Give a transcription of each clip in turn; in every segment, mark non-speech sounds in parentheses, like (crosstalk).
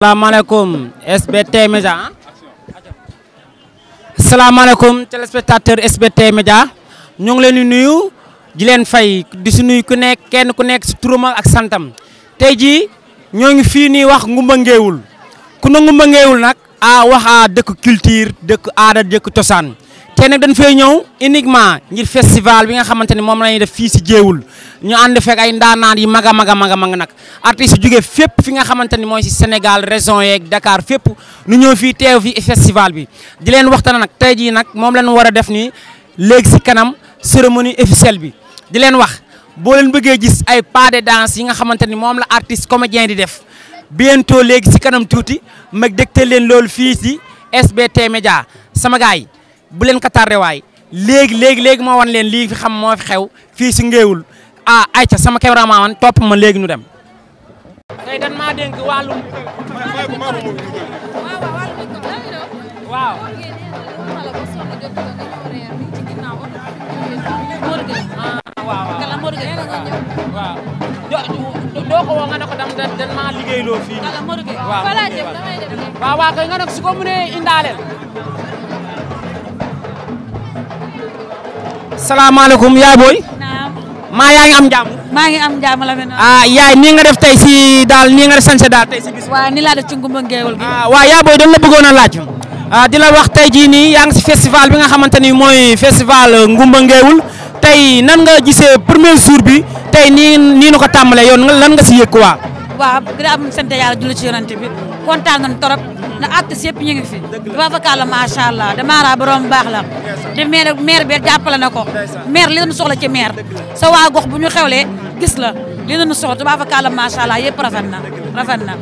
salaamaaleykum SBT Média salaamaaleykum téléspectateur SBT Média ñoo ngi leen di nuyu di leen fay di si nuyu ku nekk kenn ku nekk si turam ak santam tey jii ñoo ngi fii nii wax ngumba ngeewul ku na ngumba ngeewul nag a ah, wax ah, dëkk culture dëkk aada dëkk cosaan tey nag dañ fay ñëw uniquement ngir festival bi nga xamante ni moom la ñuy def fii si Jéewul ñu ànd fekk ay ndaanaan yi mag a mag a mag a nag artistes yu fépp fi nga xamante ni mooy si Sénégal région yeeg Dakar fépp nu ñëw fii teew fi festival bi di leen waxtaan nag tey jii nag moom lañ war a def nii léegi si kanam cérémonie officielle bi di leen wax boo leen bëggee gis ay pas yi nga xamante ni moom la artiste comédien di def bientôt léegi si kanam tuuti mag dégtal leen loolu fii si SBT Média sama gars yi bu leen ko tardé waay léegi léegi léegi ma wan leen lii fi xam moo fi xew fii si ngéewul ah ayca sama cameraman man topp ma léegi ñu dem. tey dan maa dénk wàllum. waaw. doo ko woo nga ne ko dan maa liggéeyloo fii. waaw waaw kay nga ne su ko mënee indaaleel. salaamaaleykum yaay booy. maa yaa ngi am jàmm. maa ngi am jàmm la mel ah yaay nii nga def tey si daal nii nga def sañse daal tey laa def ci ngumba ngeewal gi. ah waaw la bëggoon a laaj. ah di la wax tey jii nii yaa ngi si festival bi nga xamante ni mooy festival ngumba ngeewul tey nan nga gisee premier jour bi tey nii nii na ko tàmbalee yoon lan nga si yëg waa waaw dina am sant yàlla julli ci yonante bi kontaan nañ trop. ndax artiste yëpp ñu ngi fi tubaabakàlla macha allah damaara borom baax la di maire maire jàppale na ko maire li lañu soxla ci maire sa waa gox bu ñu xewlee gis la li lañu soxla tubaabakàlla macha allah yëpp rafet na rafet na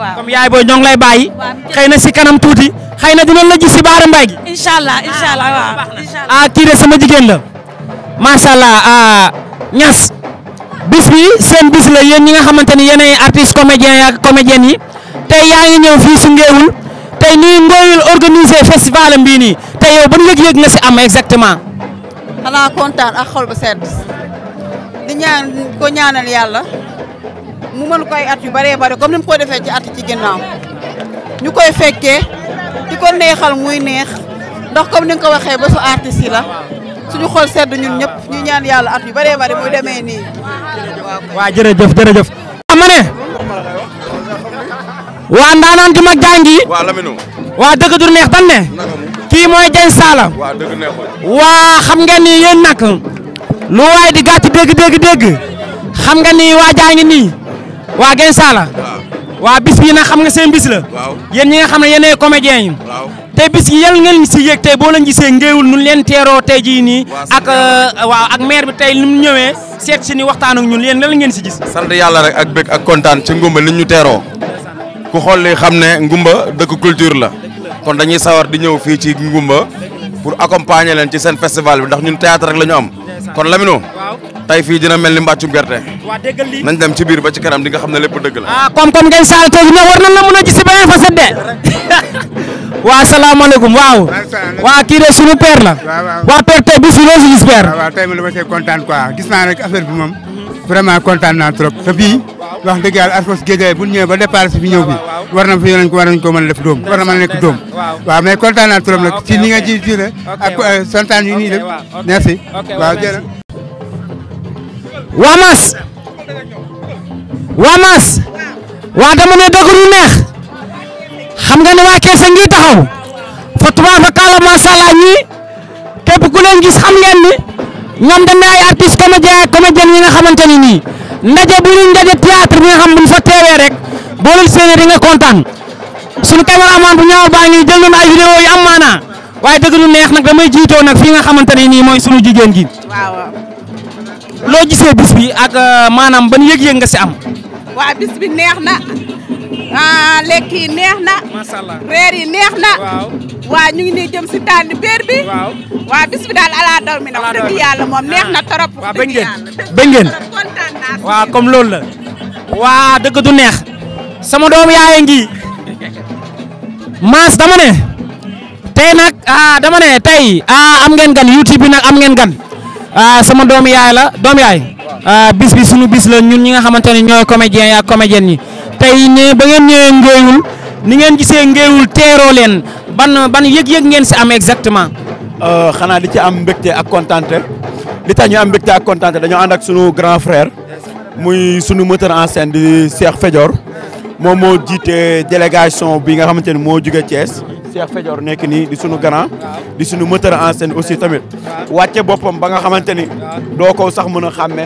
waaw yaay booy ñoo lay bàyyi xëy na si kanam tuuti xëy na dinañ la gis si baara mbay gi incha allah incha allah waaw ah, ah, sama jigéen la macha allah ñas ah, bis bi seen bis la yéen ñi nga xamante ni yéenay artiste comédien yaak comédienne yi tey yaa ngi ñëw fii su ngeewul tey nii ngooyul organiser festival am bii nii tey ba ban yëg-yëg nga si am exactement. xanaa kontaan ak xol bu sedd di ñaan ko ñaanal yàlla mu mën koy at yu bëree bëri comme ni mu ko defee ci at ci ginnaaw ñu koy fekkee di ko neexal muy neex ndax comme ni nga ko waxee ba su artistes yi la suñu xol sedd ñun ñëpp ñu ñaan yàlla at yu bëree bëri muy demee nii. waaw jërëjëf jërëjëf. ma ne waa ndaanaan ju mag jàngi waa dëgg du neex tan ne kii mooy Dieng Saala waa xam nga ni yéen nag lu waay di gàtt dégg dégg dégg xam nga ni waa jàngi nii waa Dieng Saala waa bis bi na xam nga seen bis la yéen ñi nga xam ne yéenay comédien yi tey bis yi yal ngeen si yéeg tey boo leen gisee ngéewul nu leen teeroo tey jii nii ak euh, waa ak maire bi tey nu mu ñëwee seet si ni waxtaan ak ñun yéen lan ngeen si gis sant yàlla rek ak bëgg ak kontaan ci ngumba li ñu teeroo ku xool li xam ne Ngumba dëkk culture la kon dañuy sawar di ñëw fii ci Ngumba pour accompagner leen ci seen festival bi ndax ñun théâtre rek la ñu am kon Lamino tey fii dina mel ni mbàccum gerte nañ dem ci biir ba ci kanam di nga xam ne lépp dëgg la. ah comme comme ngeen saal tey war nañ la mën a gis si beneen facette de (laughs) waaw salaamaaleykum waaw. waaw kii de sunu père la. waaw père tey bis bi loo si gis père. waaw waaw tey ma see kontaan quoi gis naa rek affaire bi moom mhm. vraiment kontaan naa trop wax dëgg yàlla aspas géejawaay bu ñu ñëwee ba départ si fi ñëw bi war na fi nañ ko war nañ ko a def dóom war na mën a nekk dóom waaw mais kontaan naa trop nag ah, ci ni ji ji ak euh, santaan yu nii def merci waaw jërë waa Mass waa Mass waa dama ne dëgg lu xam nga waa kees a ngi taxaw fa tubaab fa kàlla macha allah ñii képp ku leen gis xam ngeen ni ñoom dañ ne ay artistes comédiens comédiens nga xamante nii ndaje bu ñuy ndaje théâtre bi nga xam bu ñu fa teewee rek boo leen séenee di nga kontaan suñu caméraman bu ñaawal baa ngi jël nañu ay vidéo yu am maanaa waaye dëgg lu neex nag damay jiitoo nag fii nga xamante ne nii mooy suñu jigéen gi. waaw loo gisee bis bi ak euh, maanaam ban yëg-yëg nga si am. waaw bis bi neex na ah lekk neex na. macha allah reer yi neex na. waa ñu ngi nii jëm si tànn béer bi. waaw waaw daal ala daw mi nag. ala daw yàlla moom neex na trop. waaw bëgg loolu la. waa dëgg du neex. sama doom yaay ngi. mas dama ne. tey nag ah dama ne tey ah am ngeen gan YouTube bi nag am ngeen gan. ah sama doom yaay la doom yaay. Ah, bis bi sunu bis la ñun ñi nga xamante ne ñooy comédien ya comédienne ñi. tey ne ba ngeen ñëwee ngéewul ni ngeen gisee ngéewul teeroo leen ban ban yëg-yëg ngeen si am exactement. Euh, xanaa di ci am mbégte ak kontante li tax ñu am mbégte ak kontante dañoo ànd ak sunu grand frère muy sunu metteur en di Cheikh Fédior moom moo jiite délégation bi nga xamante ni moo juge Thiès Cheikh Fédior nekk nii di sunu grand di sunu metteur en aussi tamit wàcce boppam ba nga xamante ni doo ko sax mën a xàmme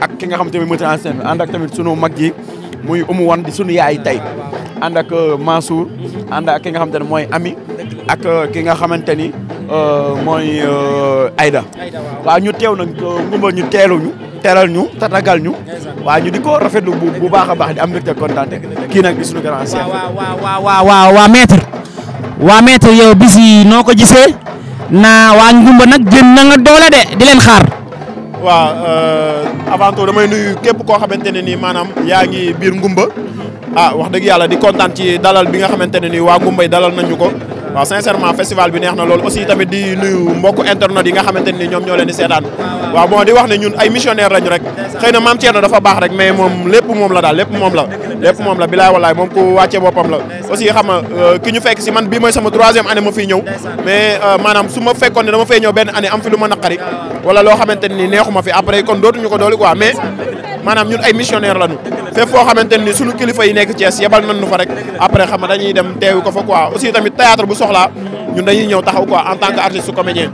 ak ki nga xamante ni metteur en scène ànd ak tamit sunu mag yi. muy umu wan di sunu yaay tey ànd ak euh, Mansour ànd ak ki nga xamante ne mooy Ami ak euh, ki nga xamante ni euh, mooy ayda waa ñu teew nag ngumba ñu teeluñu teral ñu tatagal ñu waa ñu di ko rafetlu bu baax a baax di am mbégte kontaan kii nag di sunu grand chef waaw waaw waa maître yow bis yi noo ko jisee na waa ngumba nag jën na nga doole de di leen xaar waaw euh, avant tout damay nuyu képp koo xamante ne nii maanaam yaa ngi biir ngumba mhm. ah wax dëgg yàlla di kontaan ci dalal bi nga xamante ne nii waa Ngumba dalal nañu ko waaw sincèrement festival bi neex na loolu aussi tamit di nuyu mbokku internet yi nga xamante ni ñoom ñoo leen di seetaan waaw bon di wax ne ñun ay missionnaire lañu rek xëy na maam Thierno dafa baax rek mais moom lépp moom la daal lépp moom la lépp moom la bilaay walaay moom ku wàcce boppam la aussi xam nga euh, ki ñu fekk si man bii mooy sama troisième année ma fiy ñëw mais euh, maanaam su ma fekkoon ne dama fay ñëw benn année am fi lu ma naqari wala loo xamante ni neexuma fi après kon dootuñu ko dooli quoi maanaam ñun ay missionnaire lañu fépp foo xamante ni sunu kilifa yi nekk Thiès yebal nañ nu fa rek après xam dañuy dem teewi ko fa quoi aussi tamit théâtre bu soxlaa ñun dañuy ñëw taxaw quoi en tant que artiste su comédien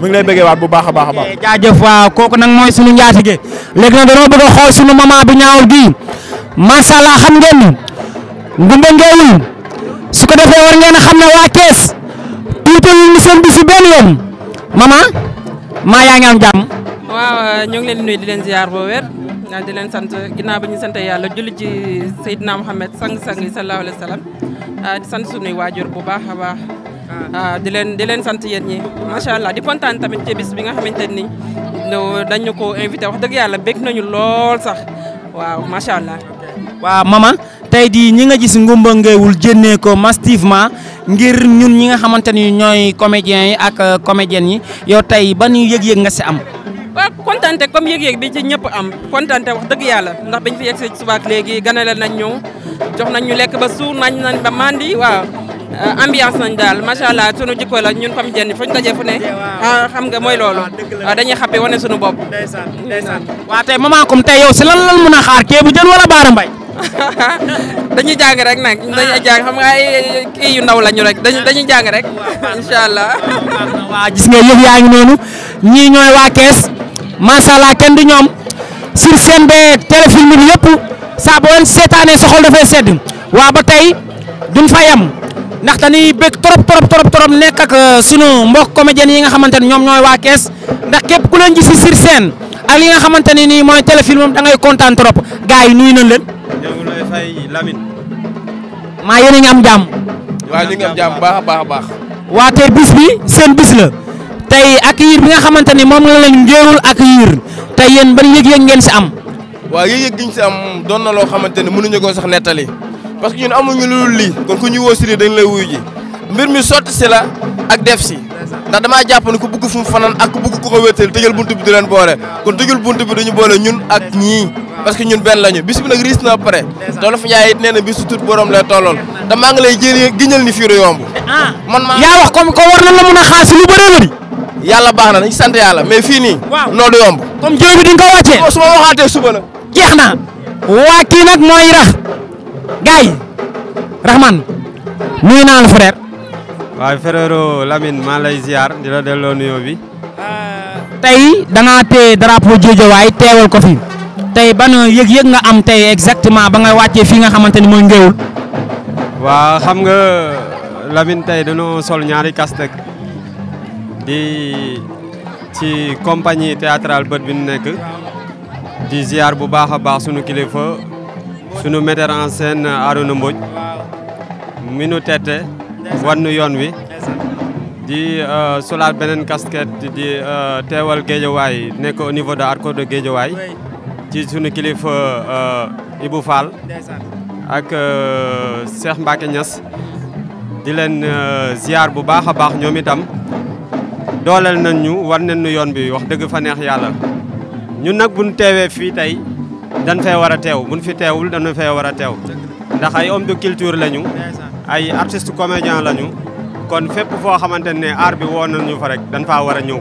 mu ngi lay bëggee waat bu baax a baax a baax jaajëf ko kooku nag mooy suñu njaatige léegi nag dañoo bëgg a xool suñu maman bu ñaawul bii macha allah xam ngeen ni ngumba ngeewul su ko defee war ngeen a xam ne waa Thiès tuutalul ñu seen bi si benn yoon maman maa yaa ngi am jàmm ngi leen di nuyu di leen ziar boo di leen sant ginnaaw ba ñu sant yàlla julli ci Seydina Mouhamed sang-sang yi sallallahu alayhi wa sallam ah, di sant sunuy waajur bu baax a baax ah, di leen di leen sant yéen ñi macha allah di kontaan tamit ci bi nga xamante ni dañu ko invité wax dëgg yàlla bég nañu lool sax waaw macha allah. waaw maman tey di ñi nga gis Ngoumba Ngeewul jénnee ko massivement ngir ñun ñi nga xamante ni ñooy comédiens yi ak euh, comédiennes yi yow tey ban yëg-yëg nga si am. kontante comme yëg-yëg bi ci ñëpp am euh, daal macha allah sunu jikko la ñun fam jenn fuñ daje fu ne ah, xam nga mooy loolu waaw ah, ah, dañuy xappe wane sunu bopp ndeysaan ndeysaan waaw tey maman comme tey yow si lan lan mën a xaar ceebu jën wala baara mbay (laughs) dañuy jàng rek nag dañuy jàng xam nga ay kii yu ndaw lañu rek dañuy jàng rek incha allah. waaw gis nga yëf yaa ngi noonu ñii ñooy waa kees macha allah kenn du ñoom sur seen beeg téléfilm bi saabo saa boo leen seetaanee sa dafay sedd waaw ba tey duñ fa yem ndax dañuy bëgg trop trop trop trop nekk ak euh, sunu mbokk comédien yi nga xamante ne ñoom ñooy waa kees ndax képp ku leen gis sur scène ak li nga xamante ne nii mooy téléfilm moom da ngay kontaan trop gars yi nuyu nañ leen. ñoom lay fay Lamine. maa yéen a ngi am jàmm. baax a baax a baax. waa tey bis bi seen bis la. tey accueil bi nga xamante moom la lañ njóorul accueil tey yéen ban yëg-yëg ngeen si am. waaw yëg-yëg gi ñu si am doon na loo xamante ni mënuñu ko sax nettali parce que ñun amuñu lu dul lii kon ku ñu woo si lay wuyu ji mbir mi sotti si la ak def si. ndax damaa jàpp ne ku bëgg fu fanaan ak ku bëgg ku ko wéetal tëjal buntu bi di leen boole kon tëjal buntu bi dañu boole ñun ak ñii parce que ñun benn lañu bis bi nag riis na pare doolof Njaay it nee na bisu tut ah, a yàlla baax na nañ sant yàlla mais fii nii. waaw noo du yomb. comme jiw bi di ko wàccee. non su ma waxaatee suba na jeex na. waa kii nag mooy rax. gars yi. nuyu naa la frère. waaw frère Lamine maa di la delloo nuyoo bi. Euh, tey da ngaa téye drapeau waaye teewal ko fi. tey ban yëg-yëg nga am tey exactement ba nga wàccee fii nga xamante ni mooy ngéwul. waaw xam nga Lamine tey danoo sol ñaari casque. di ci compagnie théâtrale bët bi nekk di ziar bu baax a baax sunu kilifa sunu metteur en scène Arouna Mbodj mi nu tette wan yoon wi di euh, solaat beneen casquette di euh, teewal Géejawaay nekk au niveau de Arco de Géejawaay ci sunu kilifa euh, Ibou Fall ak Cheikh Mbacke Niass di leen ziar bu baax a baax ñoom itam dooleel nañ ñu war nañ ñu yoon bi wax dëgg fa neex yàlla ñun nag buñ teewee fii tey dañ fee war a teew nu fi teewul dañu fee war a teew ndax ay homme de culture lañu ay artiste comédien lañu kon fépp foo xamante ne aar bi woo nañu fa rek dañ faa war a ñëw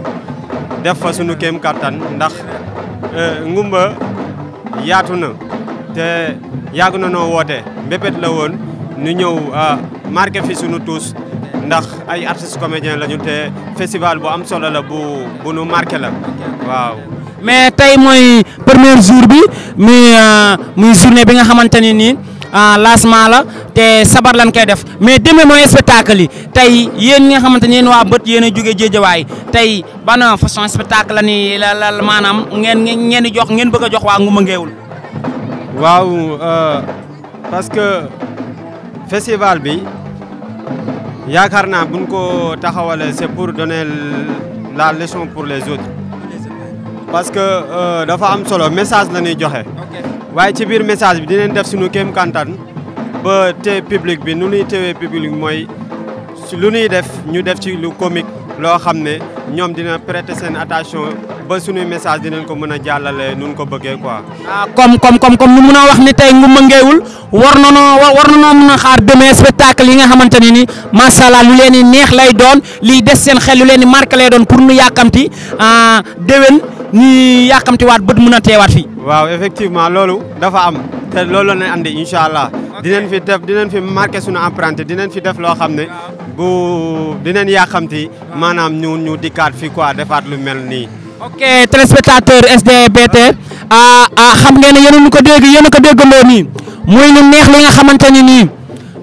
def fa suñu kéem kattan ndax euh, ngumba yaatu na te yàgg na noo woote mbépét la woon nu ñëw euh, marqué fi sunu tuus ndax ay artistes comédiens lañu te festival bu am solo la bu nu marqué la waaw. mais tey mooy premier jour bi muy euh, muy journée bi nga xamante ne nii euh, lancement la te sabar lañ koy def mais demee mooy spectacle yi tey yéen nga xamante ne waa bët yéen a jógee Géejawaay tey ban façon spectacle la ni la la maanaam ngeen ngeen jox ngeen bëgg a jox waa Ngoumba Ngeewul. waaw euh, parce que festival bi. yaakaar naa buñ ko taxawalee c'est pour donner la leçon pour les autres parce que euh, dafa am solo message la ñuy joxe waaye ci biir message bi dinañ def suñu kéem kantan ba te public bi nu ñuy tewee public mooy lu ñuy def ñu def ci lu comique loo xam ne ñoom dina prêter seen attention ba suñuy message dinañ ko mën a jàllale nun ko bëggee quoi. ah comme comme kom comme nu mun a wax ni tey Ngoumba Ngeewul war na noo war na noo mun a xaar demee spectacle yi nga xamante ne ni macha allah lu leen neex lay doon lii des seen xel lu leen di marqué lay doon pour nu yàkkamti ah, déwén ñu yàkkamtiwaat bët mun a teewaat fii. waaw effectivement loolu dafa am te loolu la ñu andi incha allah. dinañ fi def dinañ fi marqué suñu empreinte dinañ fi def loo xam ne bu dinañ yàkkamti maanaam ñu ñu dikkaat fi quoi defaat lu mel nii. ok téléspectateur a ah, ah, xam ngeen ne yéen ñu ko dégg yéen a ko déggandoo nii muy lu neex li nga xamante ni nii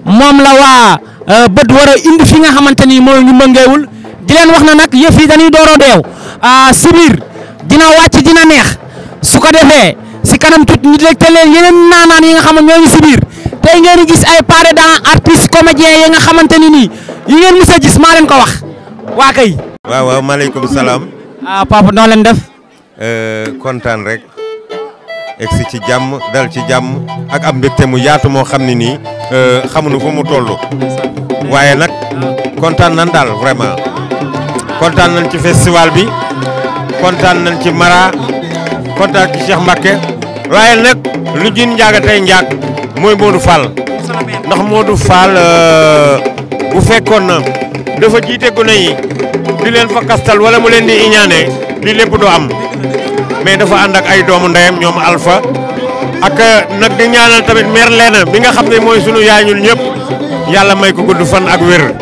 moom la waa euh, bët war a indi fi nga xamante ni mooy ñu mëngeewul di leen wax na nag yëf yi dañuy dooroo deew ah, si biir dina wàcc dina neex su ko defee si kanam tuuti ñu dégg te leen yeneen naanaan yi nga xam ne ñooñu si biir tey ngeen gis ay paré dans artiste comédien yi nga xamante ni nii yi ngeen mës a gis maa leen ko wax waa kay. waaw waaw maaleykum salaam. ah papa noo leen def. Euh, kontaan rek egsi ci jàmm dal ci jàmm ak am mbégte mu yaatu moo xam ne nii euh, xamuñu fu mu toll. waaye nag kontaan nan daal vraiment kontaan nañ ci festival bi kontaan nañ ci Mara kontaan ci Cheikh Mbacke waaye nag lu jin njaaga njaag mooy Modou Fall ndax Modou Fall euh, bu fekkoon na. dafa jiite gone yi di leen fa kastal wala mu leen di iñaane di lépp du am mais dafa ànd ak ay doomu ndeyam ñoom alfa ak euh, nag di ñaanal tamit meer leena bi nga xam ne mooy sunu yaay ñun ñëpp yàlla may ko gudd fan ak wér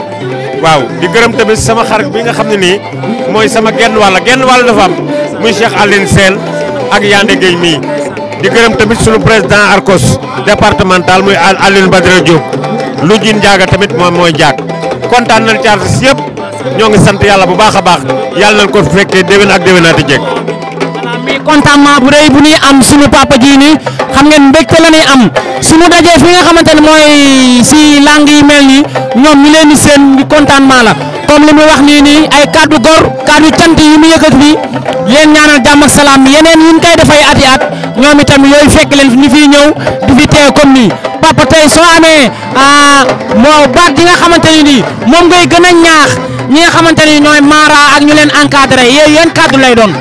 waaw di gërëm tamit sama xarit bi nga xam ne nii mooy sama genn wàll genn wàll dafa am muy Cheikh Aline Sène ak Yande Gueye mii di gërëm tamit sunu président Arcos départemental muy Aline Badara Diop lu jin jaaga tamit moom mooy jaag kontaan nañ ci artistes yëpp ñoo ngi sant yàlla bu baax a baax yàlla nañ ko fekkee déwén ak déwénaati jég. voilà muy contentement bu rëy bu ñuy am sumu papa ji nii xam ngeen mbégte la ñuy am suñu dajee fi nga xamante ne mooy si langue yi mel nii ñoom ñu leen di seen contentement la. comme li muy wax nii nii ay kàddu gor kàddu cant yi mu yëkkati nii leen ñaanal jàmm ak salaam yeneen yu ñu koy dafay at i at ñoom itam yooyu fekk leen ñu fiy ñëw di fi teew comme nii papa tey soo amee ah, moo baat gi nga xamante ni nii moom ngay gën a ñaax ñi nga xamante ni ñooy maara ak ñu leen encadré yooyu yan kàddu lay doon.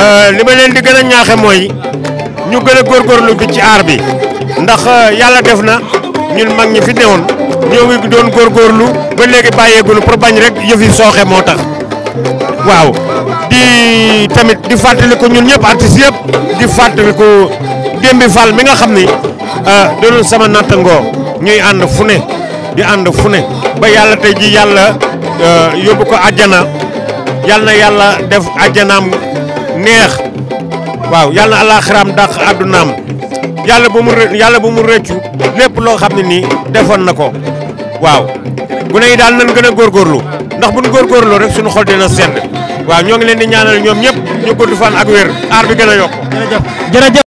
Euh, li ma leen di gën a ñaaxe mooy ñu gën a góorgóorlu ci aar bi ndax euh, yàlla def na ñun mag ñi fi newoon. ñoo ngi doon góorgóorlu ba léegi bàyyeegunu pour bañ rek yëf yi sooxe moo tax waaw di tamit di fàttaliku ñun ñëpp artistes yëpp di fàttaliku Demba Fall mi nga xam ni ah, doon sama nattangoo ñuy ànd fu ne di ànd fu ne ba yàlla tey ji yàlla ah, yóbbu ko àjjana yàlla na yàlla def àjjanaam neex waaw yàlla na alaaxiraam dàq àddunaam yàlla bu mu yàlla bu mu rëccu lépp loo xam ne nii defoon na ko waaw gune yi daal nañ gën a góorgóorlu ndax bu ñu góorgóorloo rek suñu xol na sedd waaw ñoo ngi leen di ñaanal ñoom ñëpp ñu gudd fan ak wér aar bi gën a yokk